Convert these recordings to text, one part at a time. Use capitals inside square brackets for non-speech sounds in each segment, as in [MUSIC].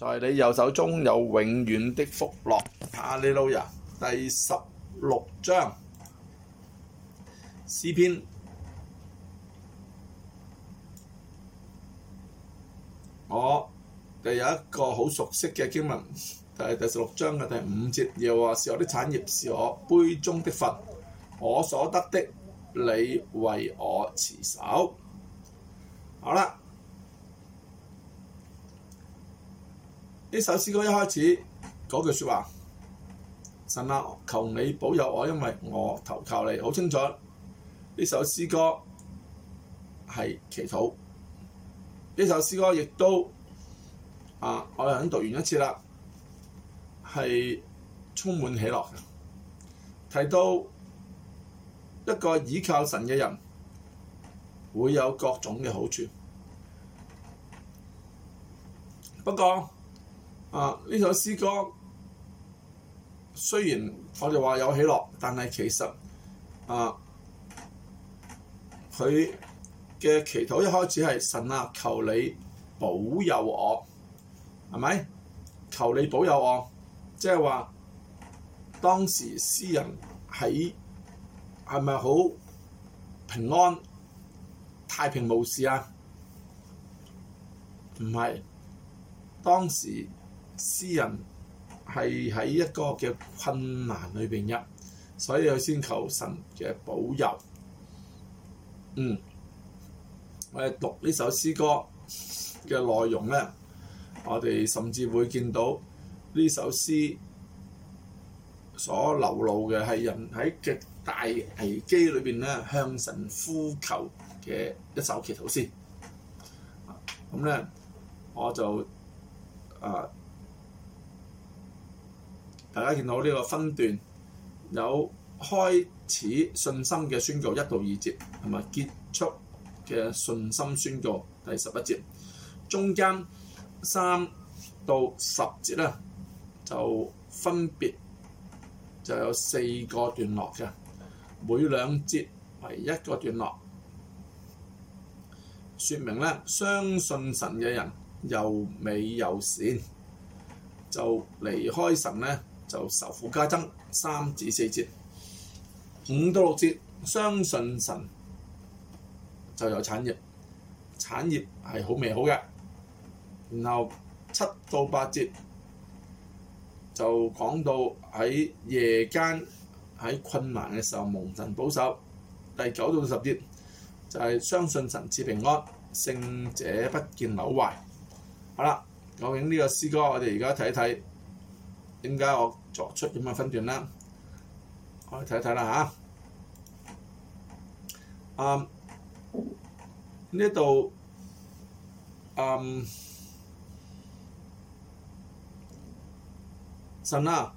在你右手中有永遠的福樂。哈利路亞，第十六章詩篇，我又有一個好熟悉嘅經文，就係第十六章嘅第五節要，又話是我啲產業，是我杯中的分，我所得的，你為我持守。好啦。呢首詩歌一開始嗰句說話，神啊，求你保佑我，因為我投靠你，好清楚。呢首詩歌係祈禱。呢首詩歌亦都啊，我哋經讀完一次啦，係充滿喜樂嘅。睇到一個倚靠神嘅人會有各種嘅好處，不過。啊！呢首詩歌雖然我哋話有喜樂，但係其實啊，佢嘅祈禱一開始係神啊，求你保佑我，係咪？求你保佑我，即係話當時詩人喺係咪好平安太平無事啊？唔係，當時。詩人係喺一個嘅困難裏邊入，所以佢先求神嘅保佑。嗯，我哋讀首詩呢首詩歌嘅內容咧，我哋甚至會見到呢首詩所流露嘅係人喺極大危機裏邊咧向神呼求嘅一首祈禱詩。咁咧，我就啊～、呃大家見到呢個分段，有開始信心嘅宣告，一到二節，同埋結束嘅信心宣告，第十一節，中間三到十節咧，就分別就有四個段落嘅，每兩節為一個段落，説明咧，相信神嘅人又美又善，就離開神咧。就愁苦加增三至四節，五到六節，相信神就有產業，產業係好美好嘅。然後七到八節就講到喺夜間喺困難嘅時候蒙神保守。第九到十節就係、是、相信神賜平安，聖者不見朽壞。好啦，究竟呢個詩歌我哋而家睇一睇。點解我作出咁嘅分段啦？我哋睇睇啦嚇。啊，呢、嗯、度、嗯、啊，神、呃、啦，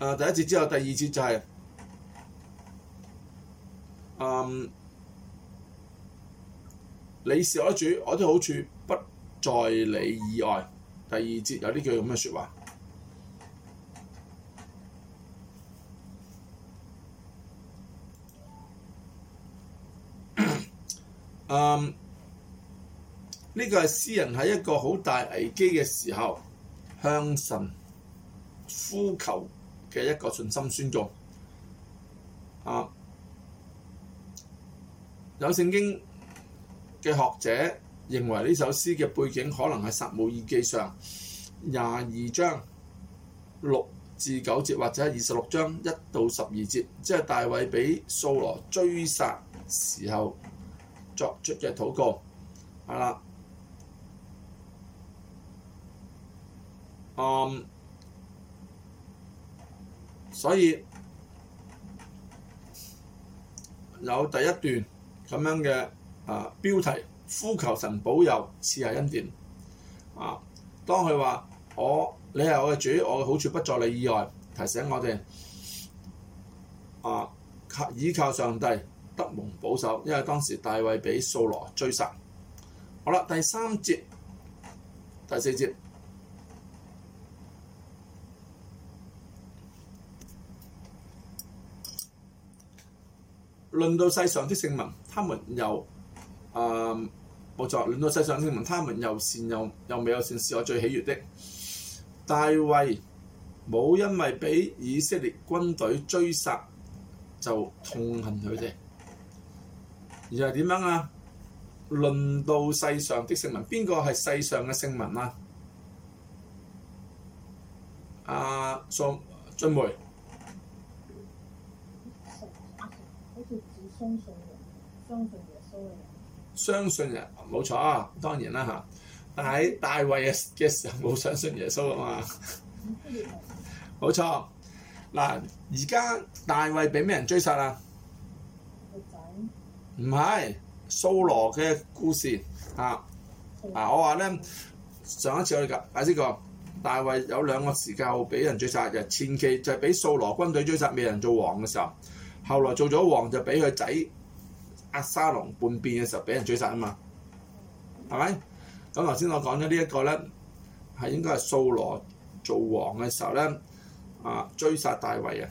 啊第一節之後，第二節就係、是、啊、嗯，你是我的主，我的好處不在你以外。第二節有呢句咁嘅説話。呢、um，個係詩人喺一個好大危機嘅時候向神呼求嘅一個信心宣告。Uh，有聖經嘅學者認為呢首詩嘅背景可能係撒母耳記上廿二章六至九節，或者二十六章一到十二節，即係大衛俾掃羅追殺時候。作出嘅禱告，係啦。啊、嗯，所以有第一段咁樣嘅啊標題，呼求神保佑，賜下恩典。啊，當佢話我你係我嘅主，我嘅好處不在你以外，提醒我哋啊倚靠上帝。德蒙保守，因為當時大衛俾掃羅追殺。好啦，第三節、第四節，論到世上的聖民，他們又啊，冇錯。論到世上的聖民，他們又善又又美又善，是我最喜悅的。大衛冇因為俾以色列軍隊追殺就痛恨佢哋。而係點樣啊？論到世上的聖民，邊個係世上嘅聖民啊？阿宋俊梅，相信耶穌嘅人，相信人，冇錯，當然啦嚇。但喺大衛嘅時候冇相信耶穌啊嘛，冇錯。嗱，而家大衛俾咩人追殺啊？唔係，掃羅嘅故事啊！嗱，我話咧，上一次我哋解釋過大衛有兩個時間俾人追殺，就是、前期就係俾掃羅軍隊追殺，未人做王嘅時候；後來做咗王就俾佢仔押沙龍叛變嘅時候俾人追殺啊嘛，係咪？咁頭先我講咗呢一個咧，係應該係掃羅做王嘅時候咧，啊追殺大衛啊！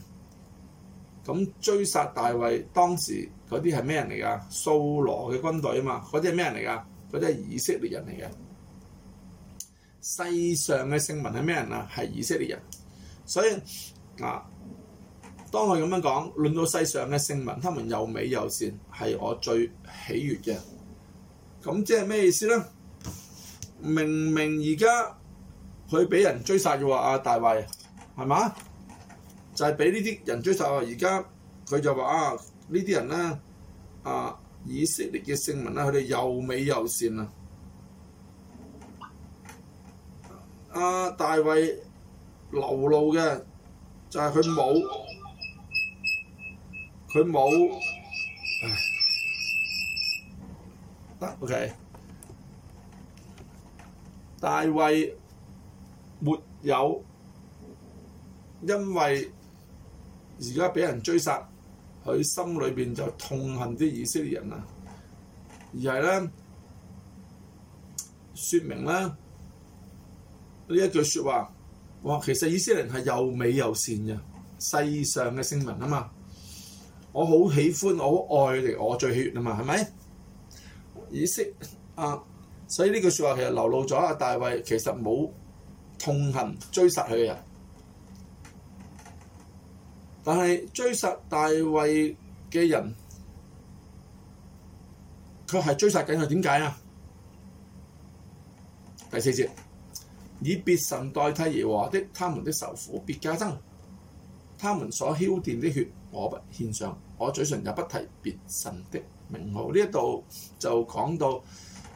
咁追殺大衛當時。嗰啲係咩人嚟㗎？掃羅嘅軍隊啊嘛，嗰啲係咩人嚟㗎？嗰啲係以色列人嚟嘅。世上嘅聖民係咩人啊？係以色列人。所以啊，當佢咁樣講，論到世上嘅聖民，他們又美又善，係我最喜悅嘅。咁即係咩意思咧？明明而家佢俾人追殺嘅喎，阿、啊、大衞係嘛？就係俾呢啲人追殺啊！而家佢就話啊～呢啲人咧，啊，以色列嘅聖民咧，佢哋又美又善啊！啊，大衛流露嘅就係佢冇，佢冇，唉，得 OK。大衛沒有，因為而家俾人追殺。佢心裏邊就痛恨啲以色列人啊，而係咧，説明咧呢一句説話，哇，其實以色列人係又美又善嘅，世上嘅聖民啊嘛，我好喜歡，我好愛嚟，我最血啊嘛，係咪？以色列，啊，所以呢句説話其實流露咗阿大衛其實冇痛恨追殺佢嘅人。但係追殺大衛嘅人，佢係追殺緊佢點解啊？第四節，以別神代替耶和華的，他們的愁苦必加增，他們所澆奠的血我不獻上，我嘴唇也不提別神的名號。呢一度就講到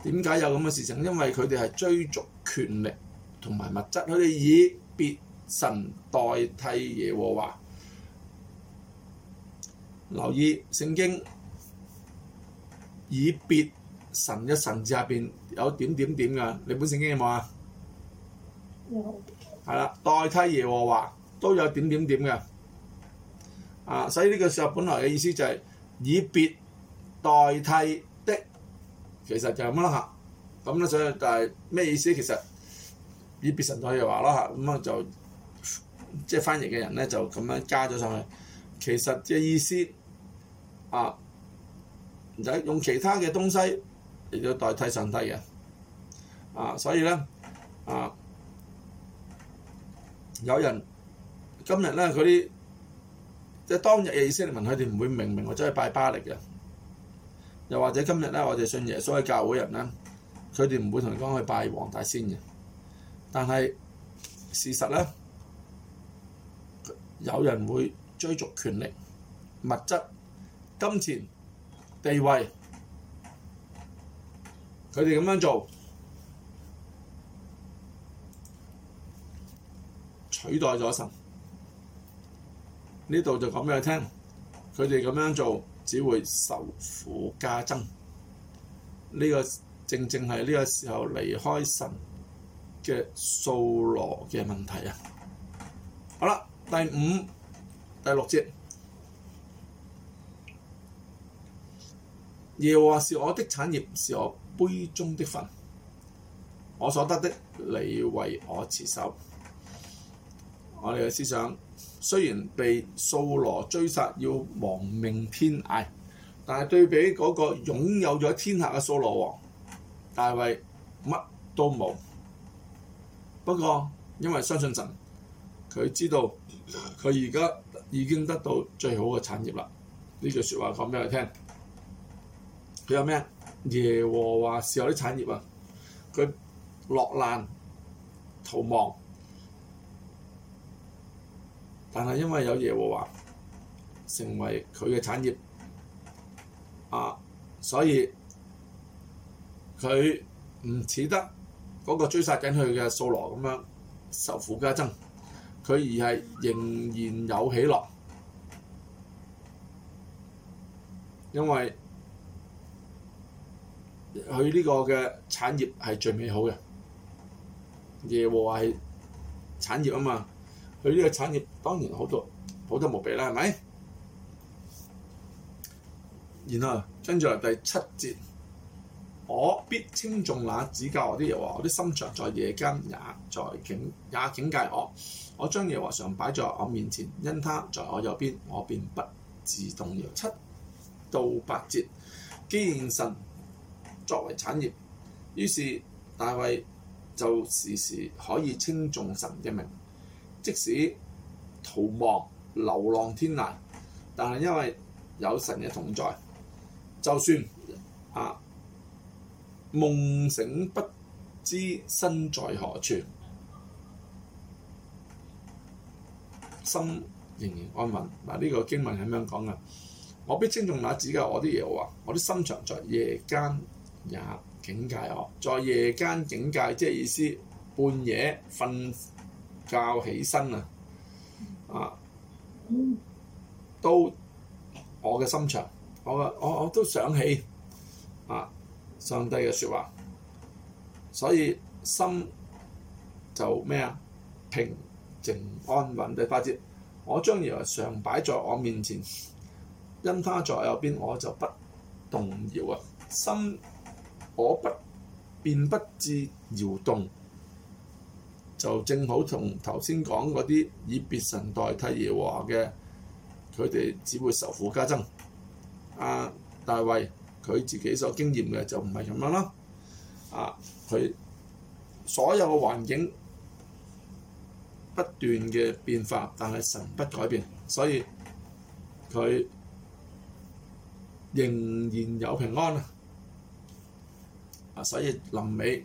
點解有咁嘅事情，因為佢哋係追逐權力同埋物質，佢哋以別神代替耶和華。留意聖經以別神一神字入邊有點點點嘅，你本聖經有冇啊？有，係啦，代替耶和華都有點點點嘅，啊，所以呢個時候，本來嘅意思就係、是、以別代替的，其實就係乜啦嚇？咁咧，所以就係咩意思？其實以別神代替耶和華咯嚇，咁啊就即係、就是、翻譯嘅人咧就咁樣加咗上去，其實即係意思。啊！唔使用其他嘅東西嚟到代替上帝嘅啊，所以咧啊，有人今日咧佢啲即係當日嘅以色列民，佢哋唔會明明我真係拜巴力嘅。又或者今日咧，我哋信耶穌嘅教會人咧，佢哋唔會同人講去拜黃大仙嘅。但係事實咧，有人會追逐權力、物質、金錢地位，佢哋咁樣做取代咗神，呢度就講俾佢聽，佢哋咁樣做只會受苦加增。呢、這個正正係呢個時候離開神嘅掃羅嘅問題啊！好啦，第五、第六節。耶和華是我的產業，是我杯中的分。我所得的，你為我持守。我哋嘅思想雖然被掃羅追殺，要亡命天涯，但係對比嗰個擁有咗天下嘅掃羅王，大衛乜都冇。不過因為相信神，佢知道佢而家已經得到最好嘅產業啦。呢句說話講俾佢聽。佢有咩？耶和華係有啲產業啊！佢落難逃亡，但係因為有耶和華成為佢嘅產業啊，所以佢唔似得嗰個追殺緊佢嘅掃羅咁樣受苦加增。佢而係仍然有喜樂，因為。佢呢個嘅產業係最美好嘅，耶和華係產業啊嘛！佢呢個產業當然好多好多無比啦，係咪？然後跟住嚟第七節，我必稱頌那指教我啲耶和華，我啲心腸在夜間，也在警也警戒我。我將耶和華常擺在我面前，因他在我右邊，我便不自動搖。七到八節，堅信。作為產業，於是大衞就時時可以稱頌神嘅名，即使逃亡流浪天涯，但係因為有神嘅同在，就算啊夢醒不知身在何處，心仍然安穩。嗱、啊，呢、這個經文係咁樣講嘅。我必稱頌那指教我嘅耶和華，我啲心腸在夜間。也警戒我，在夜間警戒，即係意思半夜瞓覺起身啊！啊，都我嘅心腸，我我我都想起啊，上帝嘅説話，所以心就咩啊？平靜安穩。第八節。我將以為常擺在我面前，因他在右邊，我就不動搖啊！心。我不變不致搖動，就正好同頭先講嗰啲以別神代替耶和華嘅，佢哋只會愁苦加增。阿、啊、大衛佢自己所經驗嘅就唔係咁樣啦。啊，佢所有嘅環境不斷嘅變化，但係神不改變，所以佢仍然有平安啊！所以臨尾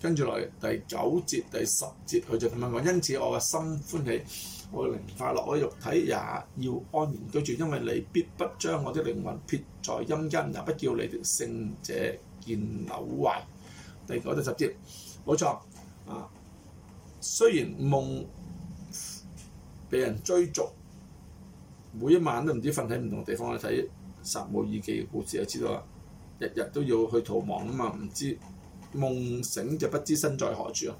跟住落嚟第九節第十節，佢就咁樣講。因此我嘅心歡喜，我嘅靈快樂，我嘅肉體也要安然居住，因為你必不將我的靈魂撇在陰間，也不叫你的聖者見朽壞。第九第十節，冇錯。啊，雖然夢被人追逐，每一晚都唔知瞓喺唔同地方去睇《撒母耳記》嘅故事，就知道啦。日日都要去逃亡啊嘛，唔知夢醒就不知身在何處啊。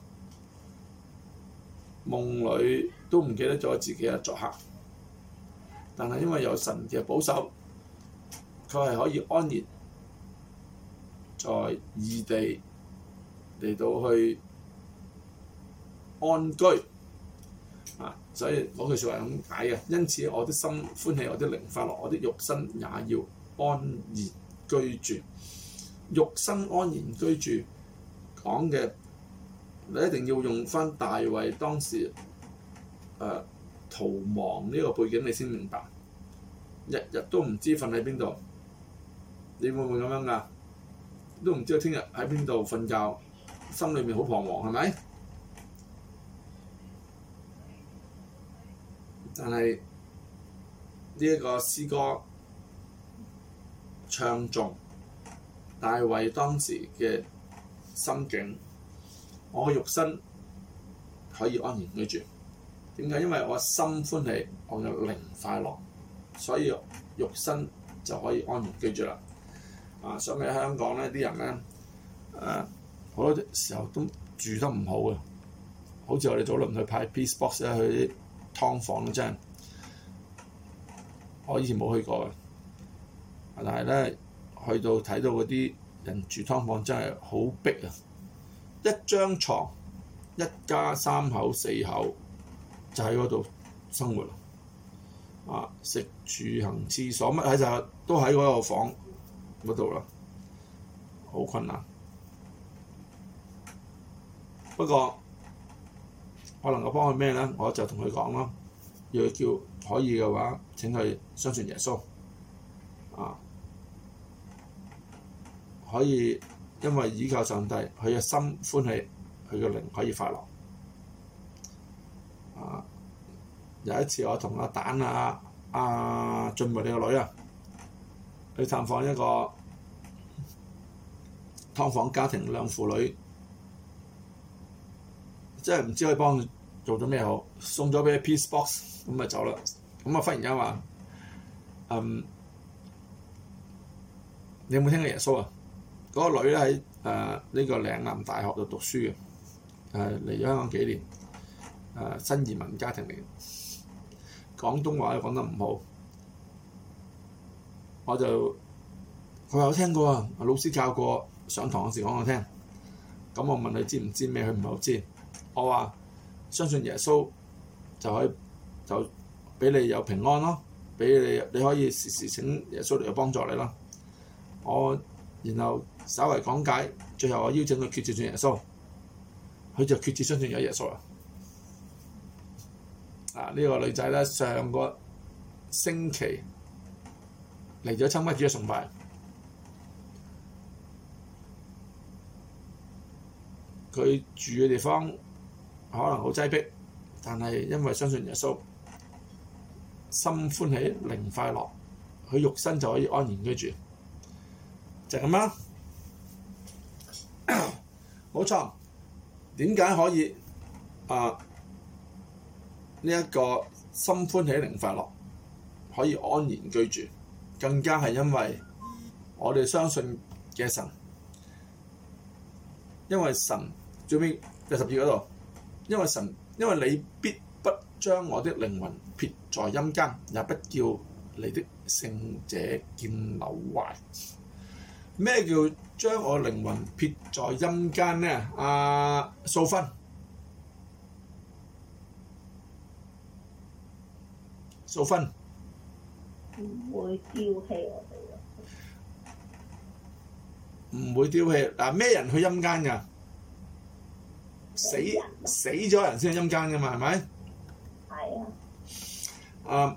夢裏都唔記得咗自己係作客，但係因為有神嘅保守，佢係可以安然在異地嚟到去安居啊。所以嗰句説話係咁解嘅。因此我的，我啲心歡喜，我啲靈快樂，我啲肉身也要安然。居住，肉身安然居住，講嘅你一定要用返大衛當時誒、呃、逃亡呢個背景，你先明白。日日都唔知瞓喺邊度，你會唔會咁樣㗎？都唔知聽日喺邊度瞓覺，心裏面好彷徨，係咪？但係呢一個詩歌，唱作，大衛當時嘅心境，我肉身可以安然居住，點解？因為我心歡喜，我嘅靈快樂，所以肉身就可以安然居住啦。啊，想起香港呢啲人咧，誒、啊、好多時候都住得唔好嘅，好似我哋早輪去派 Peace Box 咧，去啲㓥房，真係，我以前冇去過嘅。但係咧，去到睇到嗰啲人住劏房真係好逼啊！一張床，一家三口四口就喺嗰度生活啊，食住行廁所乜喺就都喺嗰個房嗰度啦，好困難。不過我能夠幫佢咩咧？我就同佢講囉，要佢叫可以嘅話，請佢相信耶穌，啊！可以，因為依靠上帝，佢嘅心歡喜，佢嘅靈可以快樂。啊、有一次我同阿蛋啊、阿、啊、俊梅你個女啊，去探訪一個劏房家庭兩婦女，即係唔知可以幫佢做咗咩好，送咗俾 Peace Box，咁咪走啦。咁啊，忽然之間話：嗯，你有冇聽過耶穌啊？嗰個女咧喺誒呢個嶺南大學度讀書嘅，誒嚟咗香港幾年，誒、呃、新移民家庭嚟，廣東話又講得唔好，我就佢話有聽過，老師教過，上堂嗰時講我聽，咁我問佢知唔知咩，佢唔係好知，我話相信耶穌就可以就俾你有平安咯，俾你你可以時時請耶穌嚟幫助你咯，我然後。稍為講解，最後我邀請佢決志信耶穌，佢就決志相信有耶穌啦。啊，呢、這個女仔咧，上個星期嚟咗親乜主日崇拜，佢住嘅地方可能好擠迫，但係因為相信耶穌，心歡喜，靈快樂，佢肉身就可以安然居住，就咁啦。冇錯，點解可以啊？呢、這、一個心歡喜、靈快樂，可以安然居住，更加係因為我哋相信嘅神，因為神最尾第十節嗰度，因為神，因為你必不將我的靈魂撇在陰間，也不叫你的聖者見朽壞。咩叫將我靈魂撇在陰間呢？阿素芬，素芬，唔會丟棄我哋咯，唔會丟棄嗱。咩人去陰間噶？死死咗人先去陰間噶嘛？係咪？係啊。啊，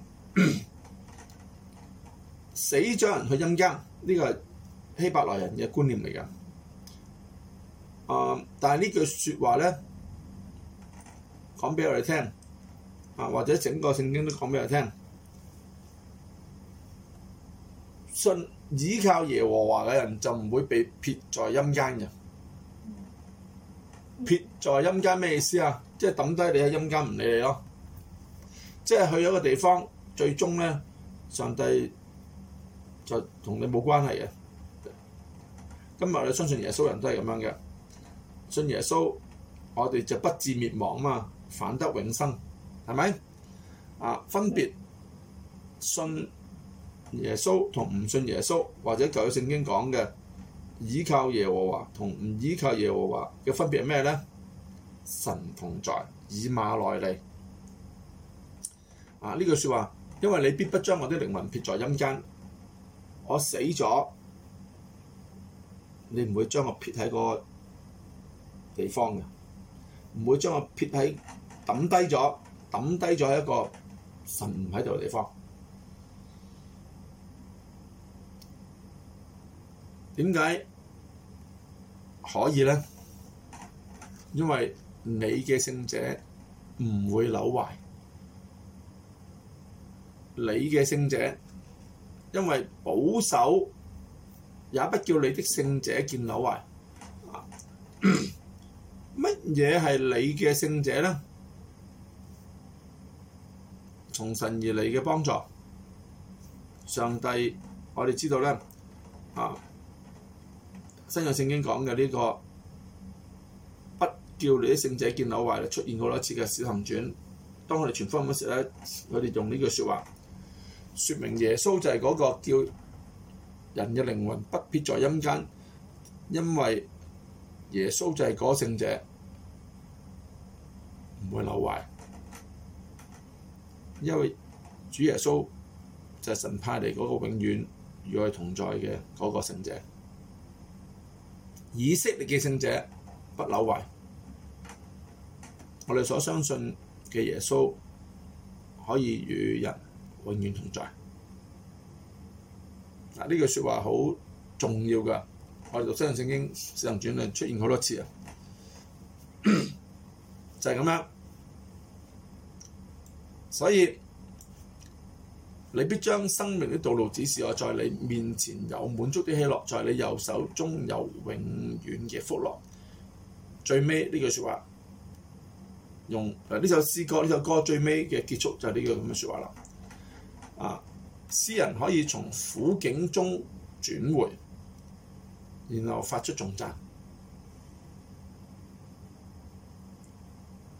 死咗人去陰間呢個係。希伯來人嘅觀念嚟㗎啊！但係呢句説話咧講俾我哋聽啊，或者整個聖經都講俾我哋聽，信倚靠耶和華嘅人就唔會被撇在陰間嘅。撇在陰間咩意思啊？即係抌低你喺陰間唔理你咯，即係去咗個地方，最終咧上帝就同你冇關係嘅。今日你相信耶穌人都係咁樣嘅，信耶穌，我哋就不致滅亡嘛，反得永生，係咪？啊，分別信耶穌同唔信耶穌，或者舊嘅聖經講嘅倚靠耶和華同唔倚靠耶和華嘅分別係咩咧？神同在，以馬內利。啊，呢句説話，因為你必不將我的靈魂撇在陰間，我死咗。你唔會將我撇喺個地方嘅，唔會將我撇喺抌低咗、抌低咗喺一個神唔喺度嘅地方。點解可以咧？因為你嘅聖者唔會扭壞，你嘅聖者，因為保守。也不叫你的聖者見朽壞，乜嘢係你嘅聖者咧？從神而嚟嘅幫助，上帝，我哋知道咧，啊，新約聖經講嘅呢、這個，不叫你的聖者見朽壞，出現好多次嘅小行傳，當我哋傳福音嘅時候咧，佢哋用呢句説話，説明耶穌就係嗰個叫。人嘅靈魂不必在陰間，因為耶穌就係嗰聖者，唔會朽壞。因為主耶穌就係神派嚟嗰個永遠與我哋同在嘅嗰個聖者。以色列嘅聖者不朽壞，我哋所相信嘅耶穌可以與人永遠同在。呢、啊、句説話好重要㗎！我哋讀《新約聖經》《四行轉律》出現好多次啊， [COUGHS] 就係、是、咁樣。所以你必將生命的道路指示我，在你面前有滿足的喜樂，在你右手中有永遠嘅福樂。最尾呢句説話，用呢、啊、首詩歌呢首歌最尾嘅結束就係呢句咁嘅説話啦。啊！詩人可以從苦境中轉回，然後發出重讚，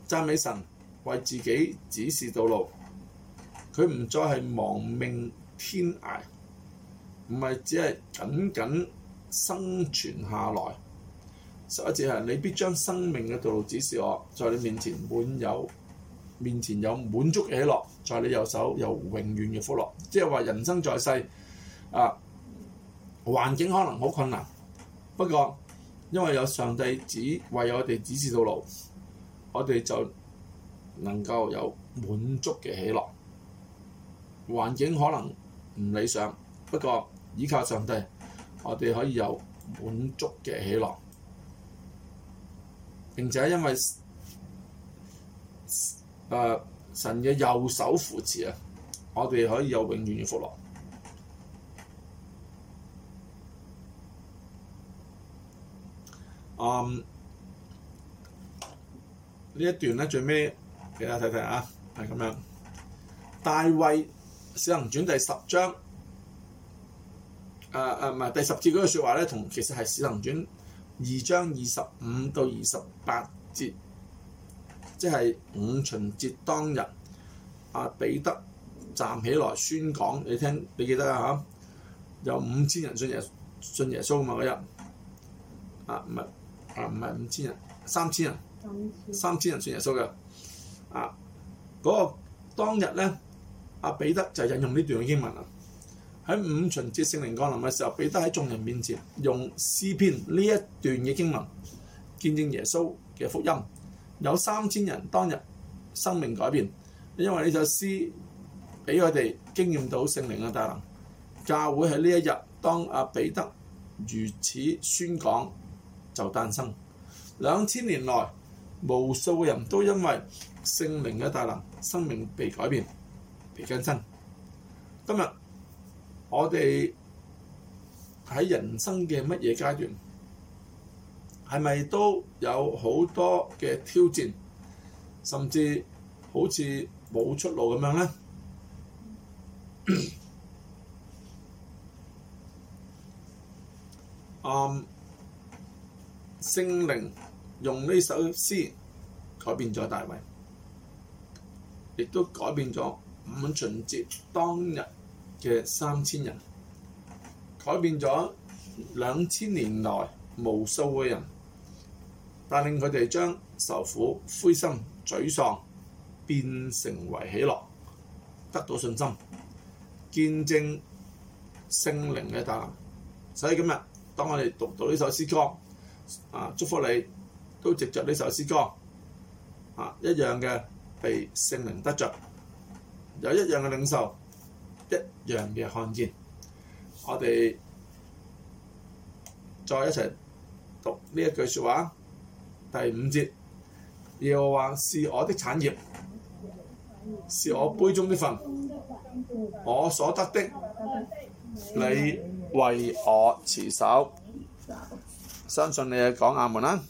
讚美神為自己指示道路。佢唔再係亡命天涯，唔係只係僅僅生存下來。十一節係，你必將生命嘅道路指示我，在你面前滿有。面前有滿足嘅喜樂，在你右手有永遠嘅福樂，即係話人生在世啊，環境可能好困難，不過因為有上帝為我哋指示道路，我哋就能夠有滿足嘅喜樂。環境可能唔理想，不過依靠上帝，我哋可以有滿足嘅喜樂。並且因為誒、呃、神嘅右手扶持啊，我哋可以有永遠嘅福樂。嗯，呢一段咧最尾，畀大家睇睇啊，係咁樣。大衛史行傳第十章，誒誒唔係第十節嗰句説話咧，同其實係史行傳二章二十五到二十八節。即係五旬節當日，阿、啊、彼得站起來宣講，你聽，你記得啊嚇？有五千人信耶信耶穌嘛嗰日？啊唔係啊唔係五千人，三千人，三千人信耶穌嘅。啊嗰、那個當日咧，阿、啊、彼得就引用呢段嘅經文啦。喺五旬節聖靈降臨嘅時候，彼得喺眾人面前用詩篇呢一段嘅經文，見證耶穌嘅福音。有三千人當日生命改變，因為呢首詩俾我哋經驗到聖靈嘅大能。教會喺呢一日，當阿、啊、彼得如此宣講就誕生。兩千年來，無數人都因為聖靈嘅大能，生命被改變、被更新。今日我哋喺人生嘅乜嘢階段？係咪都有好多嘅挑戰，甚至好似冇出路咁樣咧？啊！聖靈用呢首詩改變咗大衛，亦都改變咗五旬節當日嘅三千人，改變咗兩千年來無數嘅人。但令佢哋將受苦、灰心、沮喪變成為喜樂，得到信心，見證聖靈嘅得，所以今日當我哋讀到呢首詩歌，啊，祝福你都藉着呢首詩歌啊一樣嘅被聖靈得着，有一樣嘅領受，一樣嘅看見。我哋再一齊讀呢一句説話。第五節，耶和華是我的產業，是我杯中的分，我所得的，你為我持守。相信你係講阿門啦。